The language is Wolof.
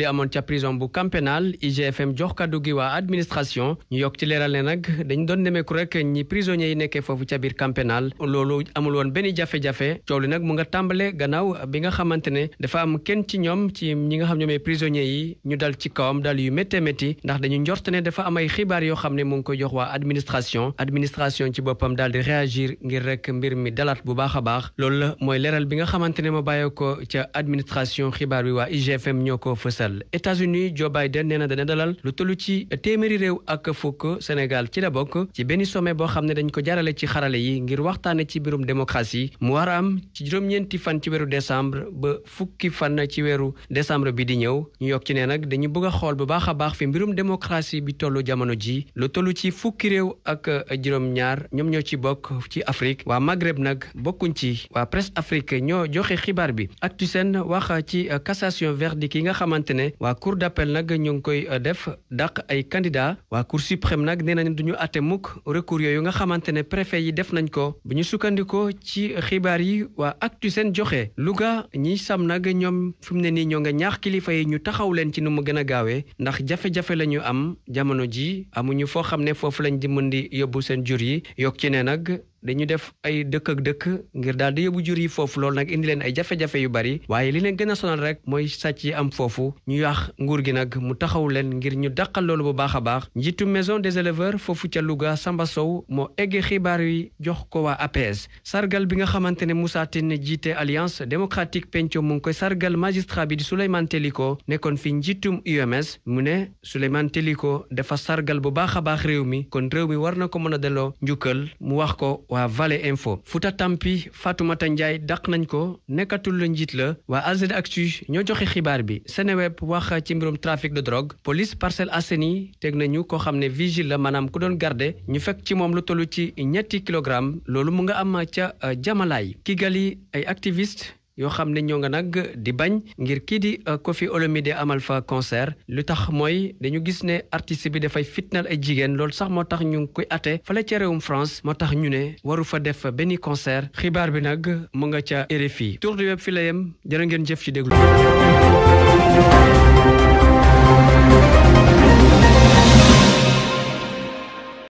li amoon ca prison bu camp pénal IGFM jox kàddu gi waa administration ñu yokk ci leeral ne nag dañ doon nemeeku rek ñi prisonniers yi nekkee foofu ca biir camp pénal loolu amul woon benn jafe-jafe coow li nag mu nga tàmbale gannaaw bi nga xamante ne dafa am kenn ci ñoom ci ñi nga xam ñoomee prisonniers yi ñu dal ci kawam dal yu méttee métti ndax dañu njort ne dafa am ay xibaar yoo xam ne mu ngi koy jox waa administration administration ci boppam daal di réagir ngir rek mbir mi dalaat bu baax a baax loolu la mooy leeral bi nga dalal États-Unis Joe Biden nee na dana dalal lu tollu ci téeméeri réew ak fukk Sénégal ci la bokk ci benn sommet boo xam ne dañ ko jaarale ci xarale yi ngir waxtaane ci biirum démocratie mu war am ci juróom-ñeenti fan ci weeru décembre ba fukki fan ci weeru décembre bi di ñëw ñu yokk ci ne nag dañu bëgg a xool bu baax a baax fi mbirum démocratie bi tollu jamono ji lu tollu ci fukki réew ak juróom-ñaar ñoom ñoo ci bokk ci Afrique waa Maghreb nag bokkuñ ci waa presse Afrique ñoo joxe xibaar bi ne waa cour d'appel nag ñu ngi koy euh, def dàq ay candidat waa cour suprême nag nee nañ duñu àtte mukk recours yu nga xamante ne préfet yi def nañ ko bu ñu sukkandikoo ci xibaar yi waa ak Actu seen joxe Louga ñiy sam nag ñoom fi mu ne nii ñoo nga ñaax kilifa yi ñu taxaw leen ci nu mu gën a gaawee ndax jafe-jafe la am jamono ji amuñu foo xam ne foofu lañ di mën di yóbbu seen jur yi yokk ci ne nag dañu def ay dëkk ak dëkk ngir daal di yóbbu jur yi foofu loolu nag indi leen ay jafe-jafe yu bari waaye li leen gën a sonal rek mooy sàcc yi am foofu ñu yàq nguur gi nag mu taxawu leen ngir ñu dàqal loolu bu baax a baax njiitu maison des éleveurs foofu ca Louga Samba Sow moo eggee xibaar yi jox ko waa APS sargal bi nga xamante ne Moussa Tine jiite alliance démocratique penco mu ngi koy sargal magistrat bi di Souleymane Teliko nekkoon fi njiitum UMS mu ne Souleymane Teliko dafa sargal bu baax a baax réew mi kon réew mi war na ko mën a delloo njukkal mu wax ko waa Vallée Info Fouta Tampi Fatoumata Ndiaye daq nañ ko nekkatul la njiit la waa Algérie Actu ñoo joxe xibaar bi Seneweb wax ci mbirum trafic de drogue police parcelle Assainies teg nañu koo xam ne vigile la maanaam ku doon garde ñu fekk ci moom lu tollu ci ñetti kilogramme loolu mu nga am ca euh, jamalaay Kigali ay activiste yoo xam ne ñoo nga nag di bañ ngir kii di euh, Koffi Olomide amal fa concert lu tax mooy dañu gis ne artiste bi dafay fitnal ay jigéen lool sax moo tax ñu ngi koy ate fale ca réewum France moo tax ñu ne waru fa def benn concert xibaar bi nag mu nga ca RFI tour du web fi la yem jërë ngeen jëf ci déglu